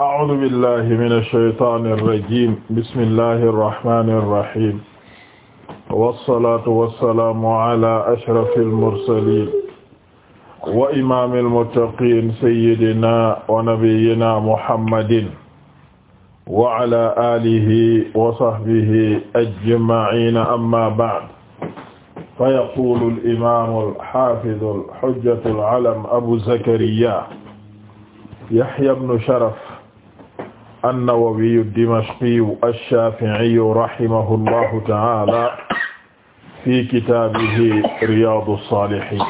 أعوذ بالله من الشيطان الرجيم بسم الله الرحمن الرحيم والصلاة والسلام على أشرف المرسلين وإمام المتقين سيدنا ونبينا محمد وعلى آله وصحبه أجمعين أما بعد فيقول الإمام الحافظ الحجة العلم أبو زكريا يحيى بن شرف an-Nawawiyu ad-Dimashqiyu ash-Shafi'iyu rahimahullahu ta'ala fi kitaabihi Riyaadu as-Saalihiin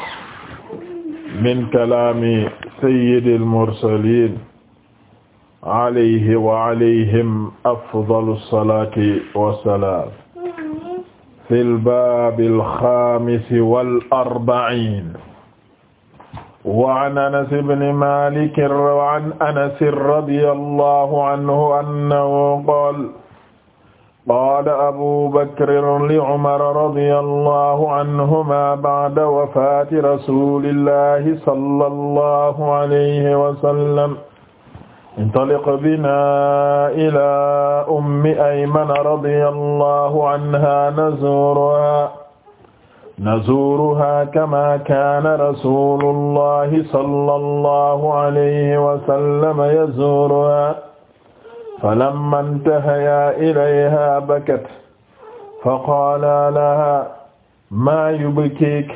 min kalaami sayyidil mursaliin alayhi wa alayhim afdalu as-salaati was-salaam fil baabil xaamisi wal arba'iin wa an anas ibn malik wa an anas radiyallahu anhu annahu qaala qaala abu bakrin li umar radiyallahu anhuma ba'da wafaati rasulillahi sallallahu alayhi wa sallam intaliq binaa ilaa ummi ayman radiyallahu anha nazuuruhaa nazuuruha kama kaana rasuulullahi sallallahu alayhi wa sallam yazuuruha falamma intahayaa ilayha bakat faqaala lahaa maa yubkiiki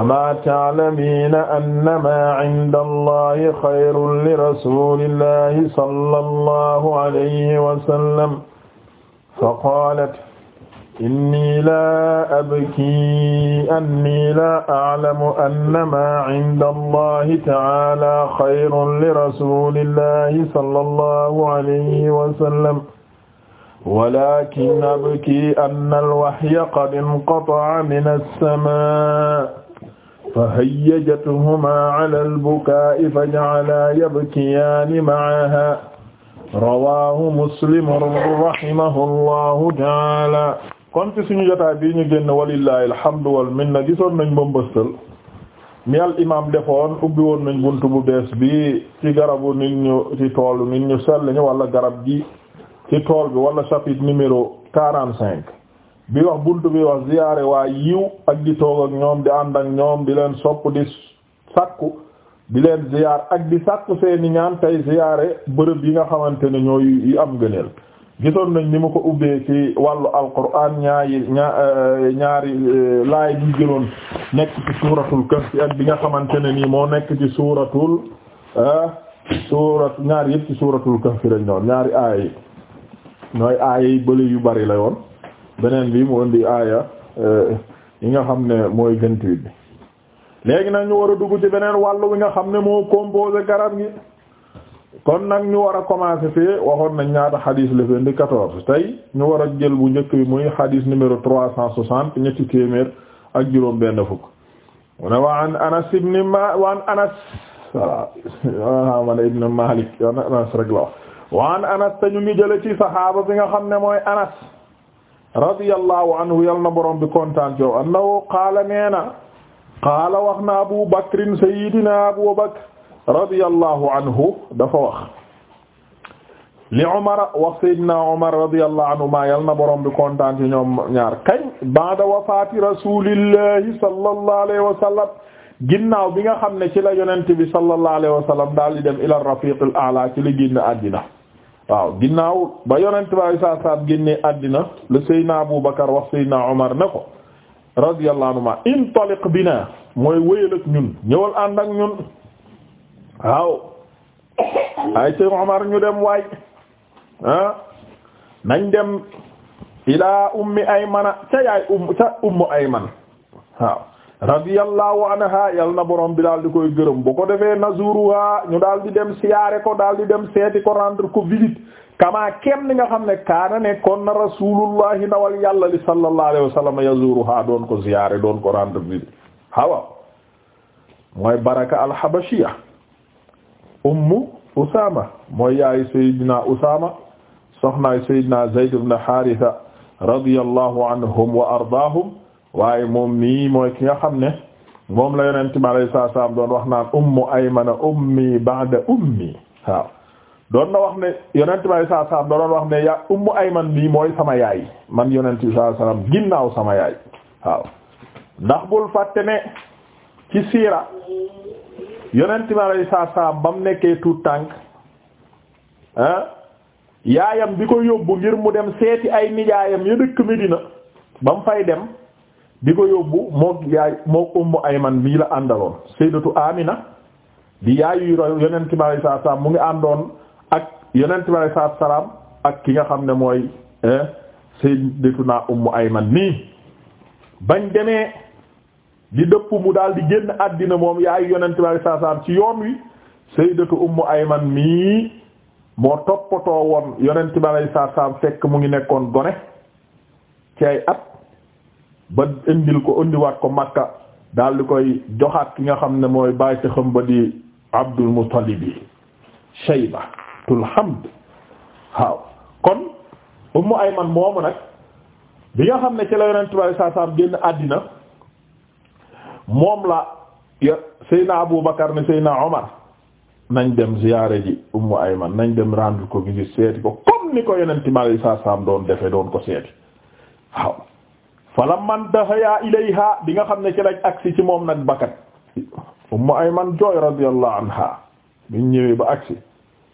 amaa ta'lamiina annamaa inda allahi xayrun lirasuulillahi sallallahu alayhi wa sallam faqaalat inni la abki anni la a'lamu annama 'inda Allahi ta'ala xayrun li rasulillahi sallallahu alayhi wa sallam walakin abki anna al-wahya qad inqata'a min as-samaa fahayyajathumaa 'ala al-bukaa'i faja'alaa yabkiyaani ma'ahaa rawaahu Muslim rahimahullahu ta'ala kon ci suñu jotaay bii ñu génn walillahi alhamdu wal na gisoon nañ mbambastal mi al imam defoon ubbi woon nañ bunt bu bees bi ci garabu nit ñu ci tool nit ñu sell ñu wala garab gi ci tool bi wala chapitre numéro quarante cinq bi wax bunt bi wax ziyaare waa yiw ak di toog ak ñoom di ànd ak ñoom di leen sopp di sàkku di leen ziyaar ak di sàkku seeni ñaan tey ziyaare bërëb yi nga xamante ne ñooy yi am gëneel gisoon nañ ni ma ko ubbee ci wàllu alquran ñaari euh, ñaari ñaari euh, laay bi jëloon nekk ci suuratul kahf ak bi nga xamante ne nii moo nekk ci suuratul euh, suurat ñaari yëpp ci suuratul kahf lañ doon ñaari aaya yi ñooy aaya yi bële yu bari la yoon beneen bi mu indi aaya yi nga xam ne mooy vingt-huit bi léegi nag ñu war a dugg ci beneen wàllu wi nga xam ne moo composé garab gi kon nag ñu war a commencer fee waxoon nañ ñaata xadis la fi indi quatorze tey ñu war a jël bu njëkk bi muy xadis numéro trois cent soixante ñetti téeméer ak juróom benn fukk mu wa an anas ibn ma wa an anas voilà ma ne ibn Malik anas rek la wax wa anas te ñu ngi jële ci saxaaba bi nga xam ne mooy anas radiyallahu anhu yal na borom bi kontaan ci yow annahu qaala nee na qaala wax na Abu Bakrin sayyidina Abu Bakr radiyallahu anhu dafa wax li Umar wax Seydina Umar radiyallahu anhu ma yal na borom bi kontaan ci ñoom ñaar kañ ba'da wafaati rasuulillahi sallallahu alayhi wa sallam ginnaaw bi nga xam ne ci la yonent bi sallallahu alayhi wa sallam daal di dem ila rafiq al a'la ci la génn àddina waaw ginnaaw ba yonent bi saa saam génne àddina la Seydina Abu Bakar wax Seydina Umar ne ko radiyallahu anhu ma intaliq bina mooy wéyal ak ñun ñëwal ànd ak ñun waaw ay sëñ Omar ñu dem waay ah nañ dem ilaa ummi aymana ca yaay um ca ummu ayman waaw radiyallahu anha yal na borom bi daal di koy gërëm bu ko defee nazuruha ñu daal di dem siyaare ko daal di dem seeti ko rendre ko visite kama kem ni nga xam ne kaana nekkoon na rasulullahi ndawal yàlla li sallallahu alayhi wa sallam yazuruha doon ko siyaare doon ko rendre visite hawa mooy baraka alhabashiya ummu Usaama mooy yaayu Seydina Usaama soxnaay Seydina Zayd ibn Haarisa radiyallahu anhum wa ardaahum waaye moom mii mooy ki nga xam ne moom la Yonent bi alayhi salaatu wa salaam doon wax naan ummu aymana ummi ba'da ummi waaw doon na wax ne Yonent bi alayhi salaatu doon wax ne ya ummu ayman mii mooy sama yaay man Yonent bi salaatu salaam ginnaaw sama yaay waaw ndax bul fàtte ne ci yonent bi alayhi salaam ba mu nekkee tuut tànk ah, yaayam bi ko yóbbu ngir mu dem seeti ay nijaayam ya dëkk Medina ba mu fay dem di ko yóbbu mook yaay mook Ummu Ayman bii la àndaloon Sayyidatu Amina di yaayu yonent bi alayhi salaam mu ngi àndoon ak yonent bi alayhi salaam ak ki nga xam ne mooy eh, Sayyidatuna Ummu Ayman nii bañ demee. di dëpp mu daal di génn àddina moom yaay yonent bi sallallahu ci yoon wi sayyidatu ummu ayman mii moo toppatoo woon yonent bi sallallahu alayhi fekk mu ngi nekkoon gone ci ay at ba indil ko indiwaat ko makka daal di koy joxaat ki nga xam ne mooy bàyyi xam ba di abdul muttalib yi shaybatul hamd waaw kon ummu ayman moomu nag bi nga xam ne ci la yonent bi sallallahu génn àddina moom la ya Seyna Abu Bakar ne Seyna Omar nañ dem ziyaare ji Ummu Ayman nañ dem rendre ko visite seeti ko comme ni ko yeneen timal yi saam doon defee doon ko seeti waaw falam man dafaya ilayha bi nga xam ne ci lañ agsi ci moom nag bakat Ummu Ayman jooy radiyallahu anha biñ ñëwee ba agsi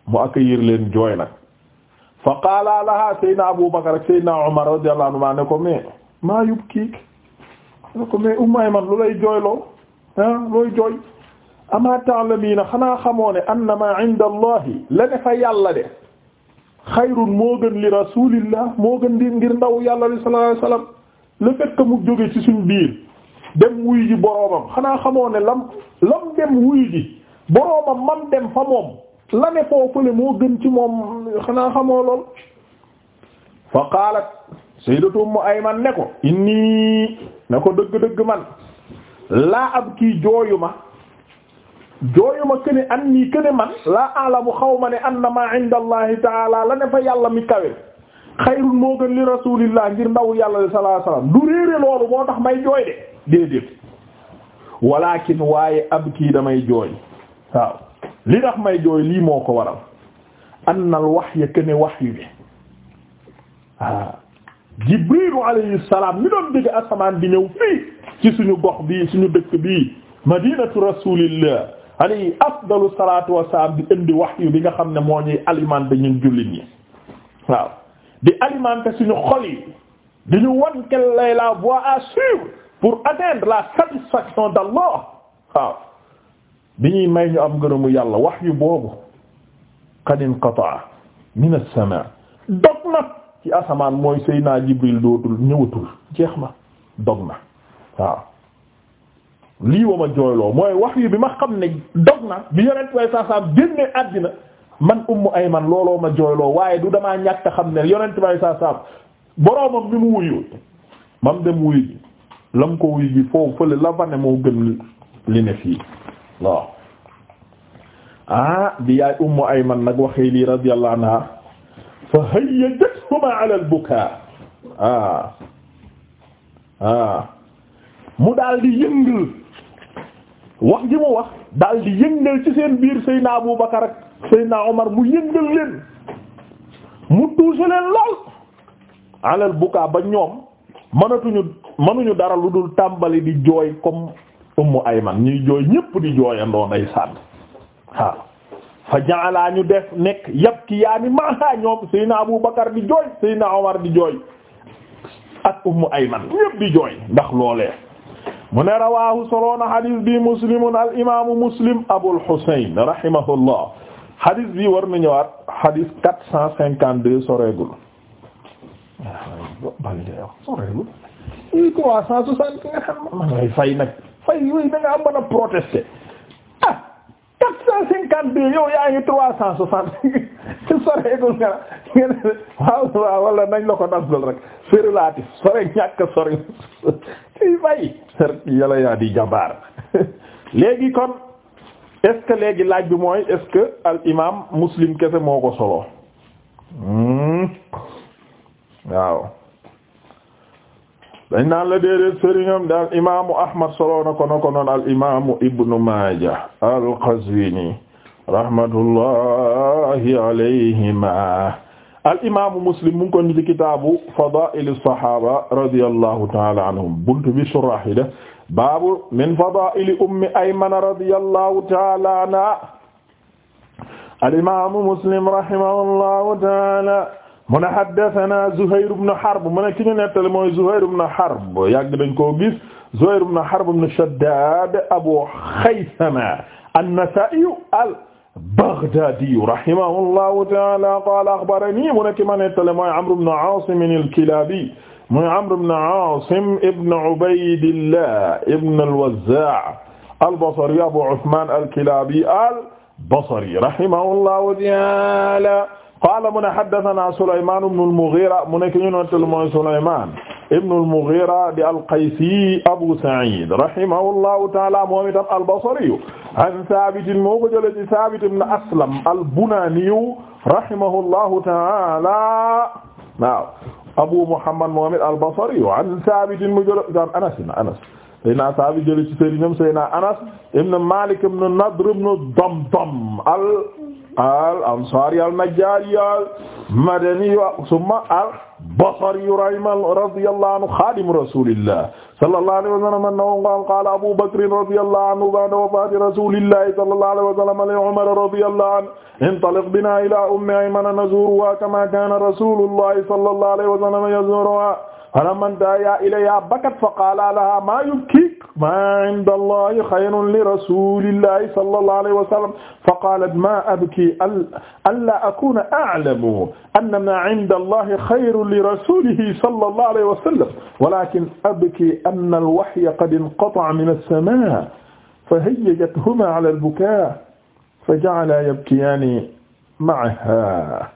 mu accueillir leen jooy nag fa qaala laha Seyna Abu Bakar ak Seyna Omar radiyallahu anhu ne ko mais maa yubkiik ne ko mais Ummu Ayman lu lay jooyloo ah looy jooy ama ta'lamina xanaa xamoo ne annama inda allahi la ne fa yàlla de xayrun moo gën li rasulillah moo gën di ngir ndaw yàlla li sallallahu alayhi wasallam le fait mu jóge ci suñ biir dem wuy ji boroomam xanaa xamoo ne lam lam dem wuy ji boroomam man dem fa moom la ne foofule moo gën ci moom xanaa xamoo lool fa qaalat sayyidatu Ummu Ayman ne ko inni na ko dëgg-dëgg man laa ab kii jooyu ma jooyuma këne an këne man laa alamu xaw ma ne anna maa inda allahi taala la ne fa yàlla mi kawe xayrun moo gën li rasulillah ngir ndaw yàlla li sallallahu du réere loolu moo tax may jooy de déedéet walakin waaye ab kii damay jooy waaw li tax may jooy lii moo ko waral anna al këne wahyu bi waaw ah. jibrilu alayhi salaam mi doon digg asamaan di ñëw fii ci suñu gox bi suñu dëkk bii madinatu rasulillah alayhi afdalu salatu wasalaam di indi wahyu bi nga xam ne moo ñuy alimenter ñun jullit ñi waaw di alimenter suñu xol yi di ñu wan quelle est la voie à suivre pour atteindre la satisfaction d'Allah waaw bi ñuy may ñu am ngërëmu yàlla wahyu boobu qad inqata'a min as-sama' dog na ci asamaan mooy Seydina Jibril dootul ñëwatul jeex na dog na waaw lii wa ma jooyloo mooy wax yi bi ma xam ne dog na bi yonent way saa saam génne àddina man ummu ayman looloo ma jooyloo waaye du damaa ñàkk xam ne yonent way saa saam boroomam bi mu wuyu mam dem wuyu ji lam ko wuyu ji foofu fële la fa moo gën li ne fii waaw ah bi yaay ummu ayman nag waxee lii radiyallahu anha fa hayyajathumaa ala al-bukaa ah ah mu daldi di yëngal wax ji mu wax daal yëngal ci seen biir Seydina Abu Bakar ak Seydina Omar mu yëngal leen mu tuuse leen lool ala al-bukaa ba ñoom mënatuñu mënuñu dara lu dul tàmbali di jooy comme Ummu Ayman ñuy jooy ñépp di jooyandoo ay sànn waaw fa ja'ala ñu def nekk yabkiyaani maaha ñoom Seydina Abu Bakar di jooy Seydina Omar di jooy ak Ummu Ayman ñëpp di jooy ndax loolee mu ne rawahu soloona hadis bi muslimun al imamu muslim Abul Husayn rahimahullah hadis bi war na ñëwaat hadis quatre cent cinquante deux soreegul quatre cent cinquante yaa ngi trois cent soixante ci soreegul nga ngeen waaw waaw wala nañ la ko nafsal rek c'est relatif ñàkk sore ci fay yàlla yaa di jabaar léegi kon est léegi laaj bi mooy est-ce que al imam muslim kese moo ko solo hmm. waaw dañ naan la déedéet sëriñam daal imaamu Ahmad solo na ko na ko noon al imaamu Ibnu Maaja al-Qazwini rahmatullahi alayhima al imaamu Muslim mu ngi ko nit ci kitaabu fadaa'il sahaaba radiyallahu ta'ala anhum buntu bi surah yi de baabu min fadaa'il ummi Aymana radiyallahu ta'ala anha al imaamu Muslim rahimahullahu ta'ala mu ne haddathana Zuhayr ibn Harb mu ne ki ñu nettali mooy Zuhayr ibn Harb yàgg dañ koo gis Zuhayr ibn Harb ibn Shaddad Abu Khaythama an-Nasa'i al-Baghdadi rahimahullahu ta'ala qala akhbarani mu ne ki ma nettali mooy Amr ibn Asim al-Kilabi mooy Amr ibn Asim ibn Ubaydillah ibn al-Wazza' al-Basri Abu Uthman al-Kilabi al-Basri rahimahullahu ta'ala qaala mu ne haddasanaa Sulaymaan ibnu al-Mughiira mu nekk ñu nettali mooy Sulaymaan ibnu al-Mughiira di al-Qaysi Abu Sa'iid rahimahullahu ta'aala moom itam al-Basri an Saabit moo ko jëlee ci Saabit ibnu Aslam al-Bunaani rahimahullahu ta'aala waaw Abu Muhammad moom it al-Basri an Saabit mu jëlee ci Anas Anas Seydina Saabit jëlee ci Seydina Anas ibnu Maalik ibnu Nadr ibnu Damdam al al ansari al najjari al madani summa al basri radiyallahu anhu khadim rasulillah sallallahu alayhi wa sallam annahu qala abu bakr radiyallahu anhu ba'da wafati rasulillah sallallahu alayhi wa sallam li umar radiyallahu anhu intaliq bina ila ummi ayman nazuruha kama kana rasulullah sallallahu alayhi wa sallam yazuruha falamma intahaya ilayha bakat faqala laha ma yubki ma inda allahi xayrun li rasulillahi sallallahu alayhi wa sallam fa qalat ma abki an la akuna a'lamu anna ma inda allahi xayrun li rasulihi sallallahu alayhi wa sallam walakin abki anna alwahya qad inqata'a min as-sama' fahayyajathumaa ala al-bukaa faja'alaa yabkiyaani ma'ahaa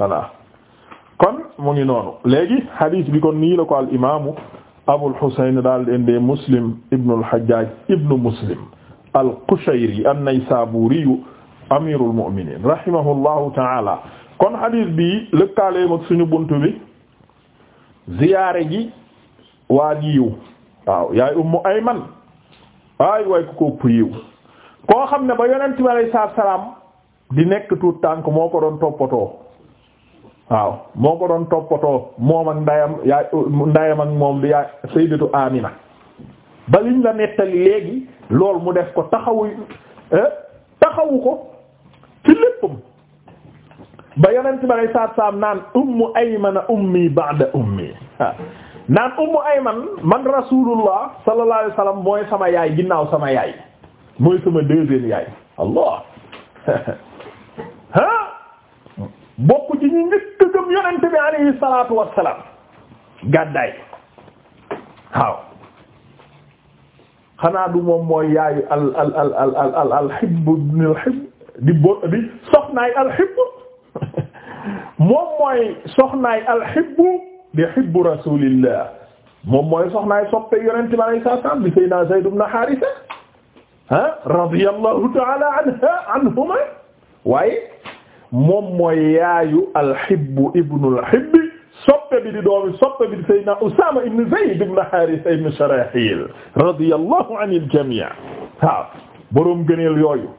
voilà kon mu ngi noonu léegi hadith bi kon nii la ko al imaamu Abul Husayn daal di indee Muslim ibn al-Hajjaj ibn Muslim al-Qushayri an-Naysaburi amirul mu'minin rahimahullahu ta'ala kon hadith bi lëkkaaleem ak suñu buntu bi ziyaare ji waa ji yiw waaw yaay ummu ayman ay waay ku ko ëpp yiw koo xam ne ba yonent salaam di nekk tuut tànk moo ko doon toppatoo waaw moo ko doon toppatoo moom ak ndayam yaay ndayam ak moom di yaay sayyidatu Amina ba liñ la nettali léegi loolu mu def ko taxawu eh, taxawu ko ci léppam ba yonent bi alay saat salaam naan ummu aymana ummi ba'da ummi naan ummu ayman man rasulullah sallallahu alayhi mooy sama yaay ginnaaw sama yaay mooy sama deuxième yaay allah ha bokk ci ñu njëkk a gëm yonent bi alayhi salaatu wassalaam gàddaay waaw xanaa du moom mooy yaayu al al al al al al alxibb ibn alxibb di bo di soxnaay alxibb moom mooy soxnaay alxibb di xibbu rasulillah moom mooy soxnaay soppe yonent bi alayhi salaatu wassalaam bi sayyidina Zayd ibn Haarisa ah radiyallahu ta'ala anha anhuma waaye moom mooy yaayu alhibbu ibnu alhibbi soppe bi di doomi soppe bi di sayyidina Usaama ibn Zayd ibn Haarisa ibn Sharahil radiyallahu anil jamii waaw boroom gëneel yooyu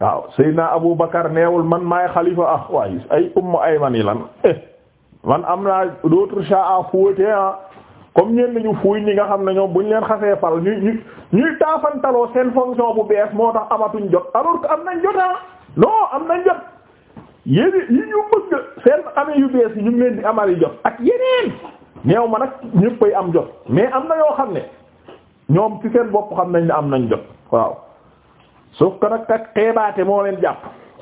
waaw Abu Bakar neewul man maay xalifa ah waaye ay ummu ayman yi lan eh, man am naa d'autres chats à fouetter ah comme ñenn ñu fuuy ñi nga xam ne ñoom bu ñu leen xasee fal ñuy ñuy taafantaloo seen fonction bu bees moo tax amatuñ jot alors que am nañ jot ah. non am nañ jot yéen yi ñu bëgg seen amee yu bees yi ñu ngi leen di amal jot ak yeneen neew ma nag ñëppay am jot mais am na yoo xam ne ñoom ci seen bopp xam nañ ne am nañ jot waaw sauf que nag ak xeebaate moo leen jàpp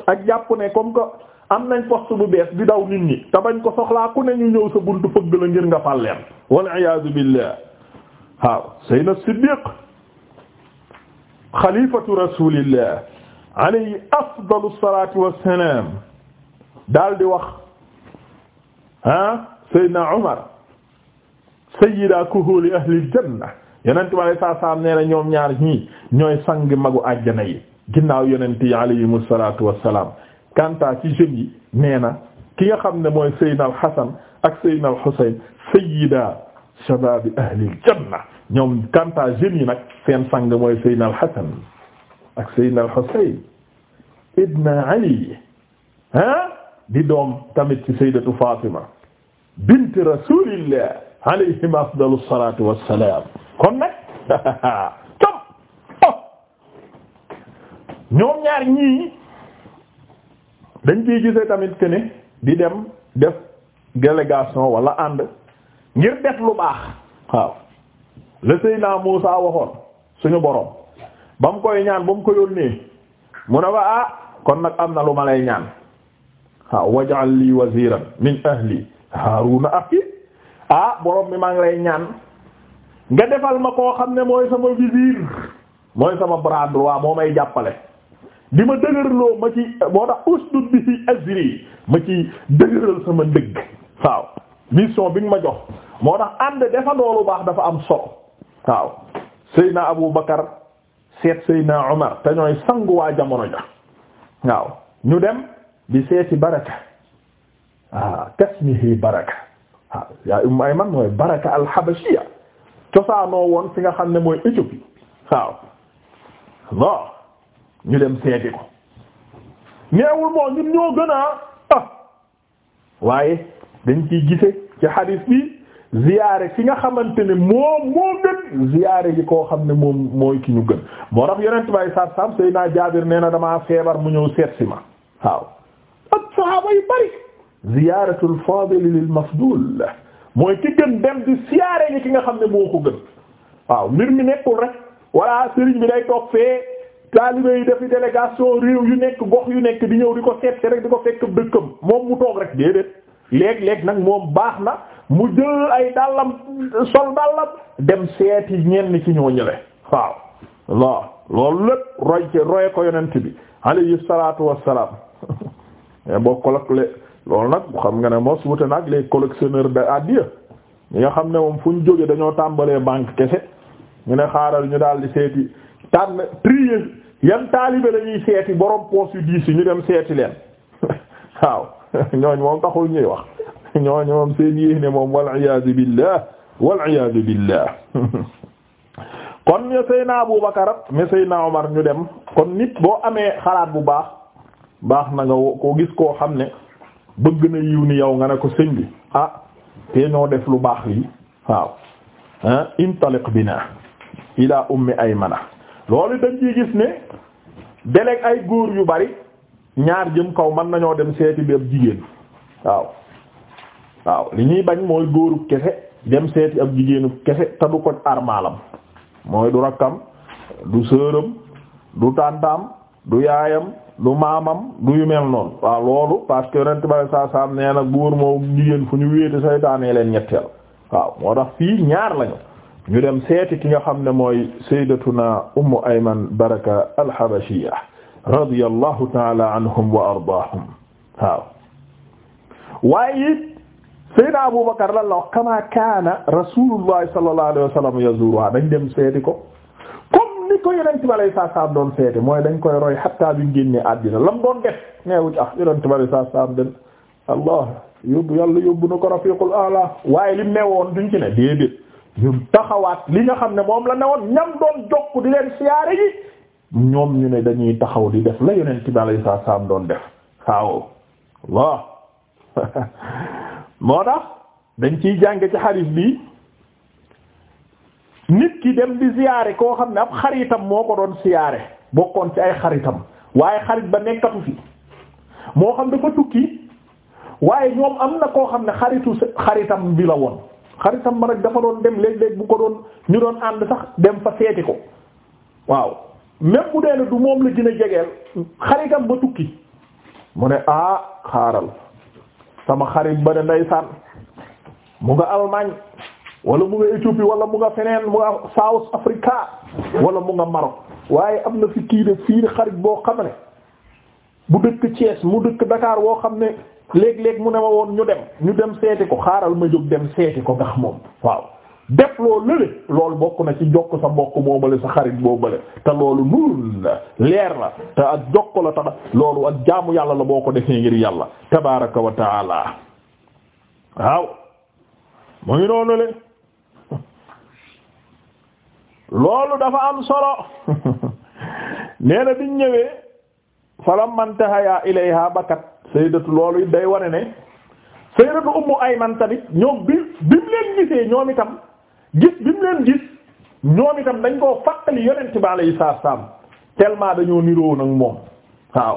ak jàpp ne comme que am nañ poste bu bees di daw nit ñi te bañ ko soxlaa ku ne ñu ñëw sa buntu fëgg la ngir nga fal leen wal iyaazu billah waaw Seydina Siddiq xalifatu rasulillah alayhi afdalu salaatu wassalaam daal di wax ah Seydina Umar sayyida kuhuli ahli janna yonent bi alayhi salaatu wassalaam nee na ñoom ñaar ñii ñooy sang magu àjjana yi ginnaaw yonent yi alayhimu salaatu wassalaam kanta ci jeunes yi nee na ki nga xam ne mooy Seydina al-Hasan ak Seydina al-Husayn sayyida shabaab ahli janna ñoom kanta jeunes yi nag seen sang mooy Seydina al-Hasan ak Seydina al-Husayn ibn Ali ah di doom tamit ci Sayyidatu Fatima bint Rasulillah alayhim afdalu salatu wassalam kon nag com oh ñoom ñii dañ ciy gisee tamit que di dem def délégation wala ànd ngir def lu baax waaw le Seydina Muusa waxoon suñu borom ba mu koy ñaan ba mu ko yónnee mu ne ba ah kon nag am na lu ma lay ñaan waaw ah, waj'al lii waziran min ahli haaruna akhi ah borom mi maa ngi lay ñaan nga defal ma koo xam ne mooy sama vizir mooy sama bras droit moo may jàppale di ma dëgërloo ma ci moo tax usdud bihi azri ma ci dëgëral sama ndëgg waaw mission bi nga ma jox moo tax ànd defandoo lu baax dafa am solo waaw Seydina Abu Bakar seet Seydina Omar te ñooy sangu waa jamono ja waaw ñu dem di seeti baraka ah baraka ah yaa Umm Ayman mooy baraka al cosaanoo woon fi nga xam ne mooy Éthiopie waaw bon ñu dem seeti ko neewul moo ñun ñoo gën a ah. waaye dañ ciy gise ci hadith bi. ziyaare ki nga xamante ne moom moo gën ziyaare yi koo xam ne moom mooy ki ñu gën moo tax yonent bay saat sam Seydina Jaabir nee na damaa feebar mu ñëw seet ma waaw ak bari ziyaaratul faadil lil mafdul mooy ki gën dem di ziyaare yi ki nga xam ne moo ko gën waaw mbir mi nekkul rek walla sëriñ bi day toog fee taalibe yi defi délégation réew yu nekk gox yu nekk di ñëw di ko seet rek di ko fekk dëkkam moom mu toog rek déedéet léeg-léeg nag moom baax na mu jël ay dàllam sol dàllam dem seeti ñenn ci ñoo ñële waaw waaw loolu lépp roy ci roye ko yonent bi alayhi salaatu wassalaam eh, boo collecte loolu nag xam nga ne mos wute nag les collectionneurs de addiya ñi nga xam ne woom fu ñu jógee dañoo tàmbalee banque kese ñu ne xaaral ñu daal di seeti tànn trier yan taalibe lañuy seeti borom poos yu diis yi ñu dem seeti leen waaw ñooñ moom taxul ñuy wax ñooñu moom seen yéene moom wal iyaazu billah wal iyaazu billah kon ñe Seyna Abubakar ñe Seyna Omar ñu dem kon nit boo amee xalaat bu baax baax na nga ko gis koo xam ne bëgg na yiw ni yow nga ne ko sëñ bi ah te ñoo def lu baax lii waaw ah intaliq bina ila ummi mana loolu dañ ciy gis ne déleg ay góor yu bari ñaar jëm kaw mën nañoo dem seeti bi ab jigéen waaw waaw li ñuy bañ mooy góoru kese dem seeti ab jigéenu kese te du ko armaalam mooy du rakkam du sëram du tàntaam du yaayam du maamam du yu mel noonu waaw loolu parce que rent bari saa saam nee na góor moo jigéen fu ñu wéete saytaanee leen ñetteel waaw moo tax fii ñaar lañu ñu dem seeti ki nga xam ne mooy sayyidatuna ummu ayman baraka alxabashiya radiyallahu taala anhum wa ardaahum waaw waaye Sayyidina Abubakar lan la wax kama kaana Rasulullah sallallahu alayhi ah, dañ dem seeti ko comme ni ko yonent bi alayhi salaam doon seeti mooy dañ koy roy hatta bi génne àddina lam doon def neewu ci ah yonent bi alayhi salaam den Allah yóbbu yàlla yóbbu na ko rafiqul a'la waaye lim newoon duñ ci ne déedéet ñun taxawaat li nga xam ne moom la newoon ñam doon jokk di leen siyaare yi ñoom ñu ne dañuy taxaw di def la yonent bi alayhi salaam doon def waaw Allah moo tax dañ ciy jànge ci xadiis bii nit ki dem di ziyaare koo xam ne ab xaritam moo ko doon siyaare bokkoon ci ay xaritam waaye xarit ba nekkatu fi moo xam dafa tukki waaye ñoom am na koo xam ne xaritu xaritam bi la woon xaritam ba nag dafa doon dem léeg-léeg bu ko doon ñu doon ànd sax dem fa seeti ko waaw même bu dee du moom la gën a jegeel xaritam ba tukki mu ne ah xaaral sama xarit ba de ndeysaan mu nga Allemagne wala mu nga Éthiopie wala mu nga feneen mu nga South Africa wala mu nga Maroc waaye am na fi kii de fii xarit boo xam ne bu dëkk Thiès mu dëkk Dakar woo xam ne léeg-léeg mu ne ma woon ñu dem ñu dem seeti ko xaaral ma jóg dem seeti ko ngax moom waaw def loo lële loolu bokk na ci jokk sa mbokk moo bële sa xarit boo bële te loolu nuur la leer la te ak jokk la ta loolu ak jaamu yàlla la boo ko defee ngir yàlla tabaraka wa waaw mu ngi noonu le loolu dafa am solo nee na biñ ñëwee falam mantahaya ilayha bakat sayyidatu loolu it day wane ne sayyidatu ummu ayman tamit ñoom bi bi leen gisee ñoom itam gis bi mu leen gis ñoom itam dañ koo fàttali yonent yi alayhi salaam tellement dañoo niroo nag moom waaw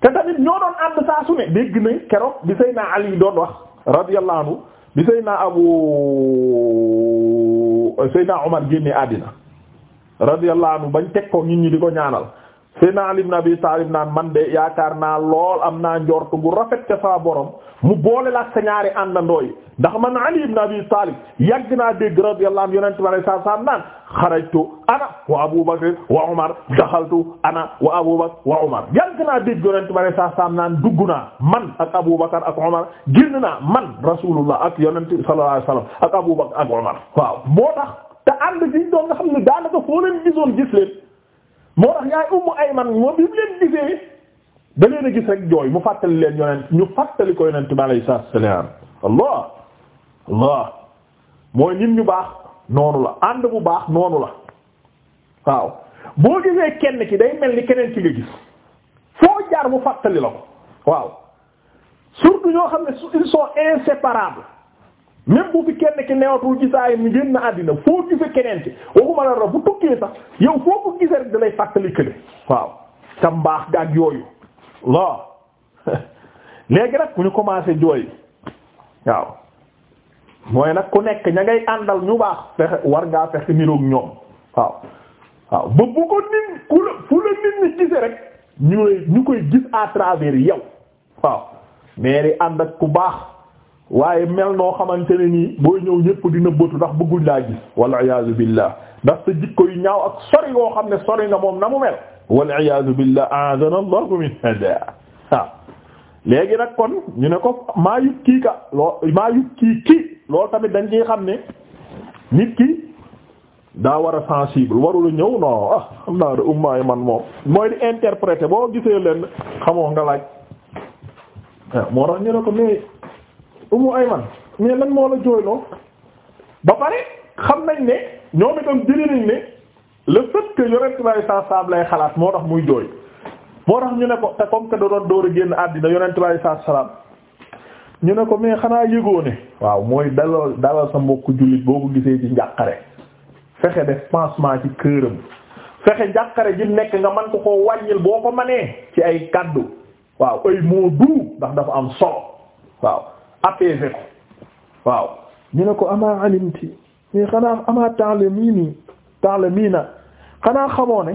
te tamit ñoo doon ànd saa su ne dégg na keroog bi Seydina Ali doon wax radiyallahu anhu bi Seydina Abu Seydina Omar génne àddina radiyallahu anhu bañ teg ko nit ñi di ko ñaanal Seydina Ali ibn Abi Taalib naan man de yaakaar naa lool am naa njort gu rafet ca saa mu boole la ak sa ñaari àndandoo yi ndax man Ali ibn Abi Taalib yàgg naa dégg radiyallahu anhu yonent bi alayhi salaam naan xarajtu ana wa Abu Bakr wa Umar daxaltu ana wa Abu Bakr wa Umar yàgg naa dégg yonent bi alayhi salaam naan dugg naa man ak Abu Bakr ak Umar génn naa man Rasulullah ak yonent sallallahu alayhi wasallam ak Abu Bakr ak Umar waaw moo tax te ànd doon moo tax yaay ay man moom bi mu leen gisee da leen a gis rek jooy mu fàttali leen yonent ñu fàttali ko yonent bi alayhi salaam allah allah mooy nit ñu baax noonu la ànd bu baax noonu la waaw boo gisee kenn ki day mel ni keneen ki nga gis foo jaar mu fàttali la ko waaw surtout ñoo xam ne ils sont inséparables même bu fi kenn ki newatul gisaayam ñu génn àddina foo gise keneen ci waxuma la rab bu tukkee sax yow foo ko gise rek dalay fàttali kële waaw ta mbaax gàgg yooyu loo léegi nag ku ñu commencé jooy waaw mooy nag ku nekk ña ngay àndal ñu baax fexe war ngaa fexe niroog ñoom waaw waaw ba bu ko nit ku la fu la nit ñi gise rek ñu koy gis à travers waaw mais ànd ak ku baax waaye mel noo xamante ne nii booy ñëw ñëpp dina bëtu ndax bëgguñ laa gis wal iyaazu billah ndax sa jikko yu ñaaw ak sori ngoo xam ne sori nga moom na mu mel wal iyaazu billah a'adana allahu min hada waaw léegi nag kon ñu ne ko maa yut kii ka lool maa yut kii kii loolu tamit dañ ci xam ne nit ki daa war a sensible warula ñëw non ah xam naa de man moom mooy di interpréter boo gisee leen xamoo nga laaj moo tax ñu ne ko mais Umu Ayman mais lan moo la jooyloo ba pare xam nañ ne ñoom itam jëlee nañ ne le fait que yonent saa salaam lay xalaat moo tax muy jooy moo tax ñu ne ko te comme que da doon door a génn àddina yonent bi saa salaam ñu ne ko mais xanaa yëgoo waaw mooy dalal dalal sa mbokku jullit boo ko gisee ci njàqare fexe def pansement ci këram fexe njàqare ji nekk nga man ko koo wàññil boo ko manee ci ay kaddu waaw ay moo du ndax dafa am solo waaw apaiser ko waaw ñu ne ko ama alimti mais xanaa ama ta'lamini ta'lamina xanaa xamoo ne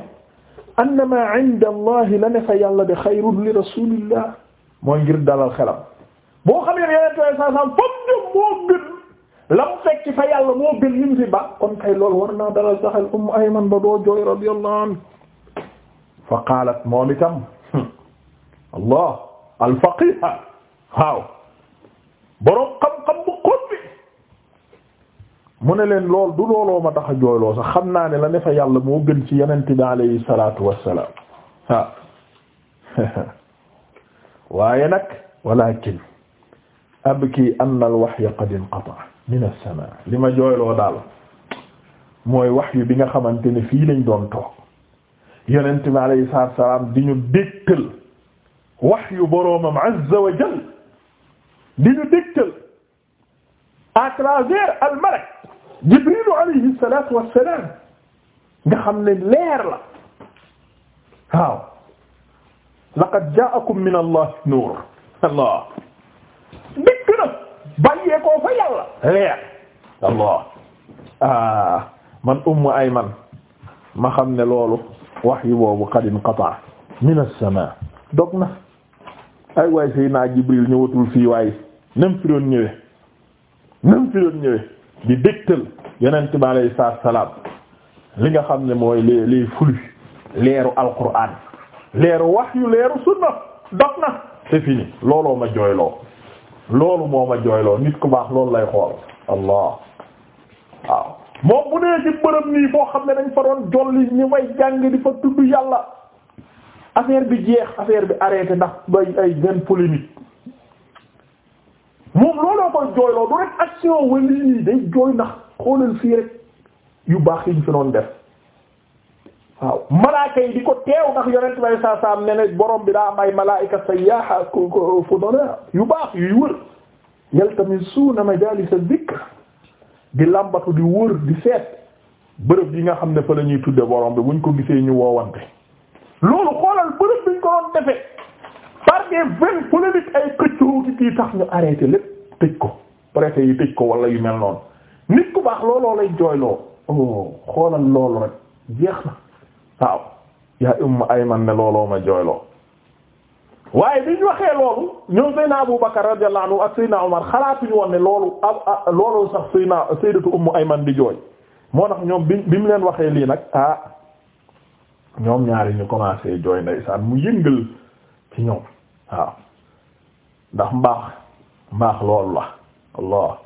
annama inda allah la ne yàlla de xayrun li rasulillah mooy ngir dalal xelam boo xam ne yeneen tooy saa saa fam jëm moo gën la mu fekk fa yàlla ba kon kay loolu war naa dalal saxel umm ba doo jooy radiyallahu anha fa qaalat moom itam allah alfaqiha boroom xam-xam bu xóot mu ne leen lool du looloo ma tax a jooyloo xam naa ne la ne fa yàlla moo gën ci yonent bi alayhi salaatu wassalaam waaw waaye nag walakin abki anna al wahya qad inqata min as-samaa li ma jooyloo daal mooy waxyu bi nga xamante ne fii lañ doon toog yonent bi alayhi salaatu di ñu dégtal wahyu boroomam azza wa jalla di ñu dégtal à travers al malak Jibril alayhi salaatu wassalaam nga xam ne leer la waaw laqad ja'akum min allah nuur allah dikk na bàyyee koo fa yàlla leer allah ah man ummu ayman ma xam ne loolu wax yi boobu qad inqata min as-samaa dog na ay waay sëy naa Jibril ñëwatul fii waaye nam fi doon ñëwee nam fi doon ñëwee di dégtal yonent bi alayhi salaam li nga xam ne mooy les les flux leeru alquran leeru wahyu leeru sunna dox na c'est looloo ma jooyloo loolu moo ma jooyloo nit ku baax loolu lay xool allah waaw moom bu nee ci bërëb nii boo xam ne dañ fa doon jolli ñi way jàng di fa tudd yàlla affaire bi jeex affaire bi arrêté ndax bay ay benn polémique moom looloo koy jooyloo du rek action wali day jooy ndax xoolal fii rek yu baax yiñ fi noon def waaw malaaka yi di ko teew ndax yonent bay saa saa am ne borom bi daa am ay malaa'ika sayyaha fudala yu baax yuy wër yaltamisuuna majaalisa dhikr di lambatu di wër di seet bërëb yi nga xam ne fa la ñuy tudde borom bi buñ ko gisee ñu woowante loolu xoolal bërëb biñ ko doon defe par des vingt polémiques ay këccooti kii tax ñu arrêté lépp tëj ko préfet yi tëj ko wala yu mel noonu nit ku baax looloo lay jooyloo oh xoolal loolu rek jeex na waaw yaa umma ayman ne looloo ma jooyloo waaye bi ñu waxee loolu ñoom Seydina Abu Bakar radiyallahu anhu ak Seydina Omar xalaatuñu woon ne loolu a loolu sax Seydina Sayyidatu Ummu Ayman di jooy moo tax ñoom bi bi mu leen waxee lii nag ah ñoom ñaari ñu commencé jooy ndeysaan mu yëngal ci ñoom waaw ndax mbaax mbaax loolu la Allah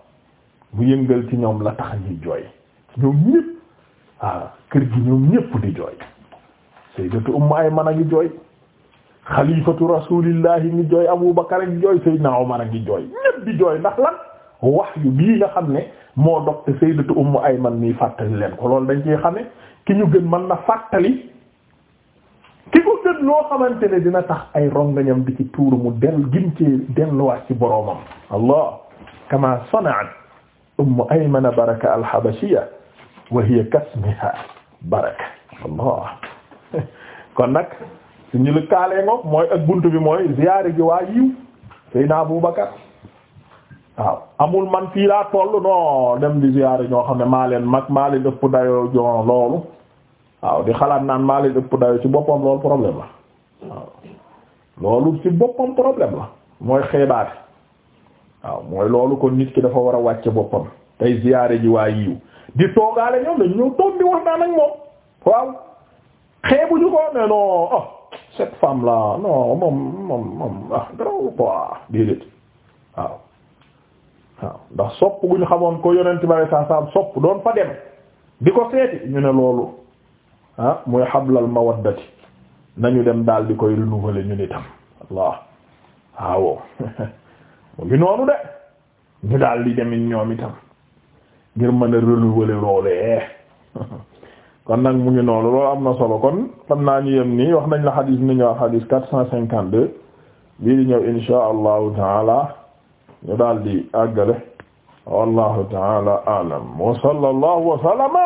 mu yëngël ci ñoom la tax ñuy jooy ñoom ñépp waaw kër gi ñoom ñépp di jooy sayyidatu Ummu Ayman a ngi jooy xalifatu rasuulillahi ngi jooy Abu Bakar a ngi jooy sayyidna Umar a jooy ñépp di jooy ndax lan wahyu bii nga xam ne moo dog te sayyidatu ay Ayman mii fàttali leen ko loolu dañ ci xame ki ñu gën mën na fàttali ki ko gën loo xamante ne dina tax ay rongañam bi ci tuuru mu del gin ci delluwaat ci boroomam allah kama sana'at ummu aymana baraka alhabashiya wa hiya kasmiha baraka allah kon nag suñu lu kaalee ngoog mooy ak buntu bi mooy ziyaare gi waa yiw Seydina Abubakar waaw amul man fii laa toll noo dem di ziyaare ñoo xam ne maa leen mag maa leen ëpp dayoo joon loolu waaw di xalaat naan maa leen ëpp dayo ci boppam loolu problème la waaw loolu ci boppam problème la mooy xeebaate waaw mooy loolu kon nit ki dafa war a wàcce boppam tey ziyaare ji waa yiw di toogaale ñoom dañ ñëw toog di wax naan ak moom waaw xeebuñu ko ne non ah cette femme là non moom moom moom ah garaw quoi déedéet waaw waaw ndax sopp guñ xamoon ko yonent bare saa saa sopp doon fa dem di ko seeti ñu ne loolu ah muy xablal mawaddati nañu dem daal di koy renouveler ñu nitam allah waaw mu ngi noonu de ñu daal di demit ñoom itam ngir mën a renouveler loolee kon nag mu ngi noonu loolu am na solo kon xam naa ñu yem nii wax nañ la xadis ni ñëwaat xadis quatre cent cinquante deux bii di ñëw insha allahu taala ñu daal di àggale wallahu taala alam wa sallallahu wa sallama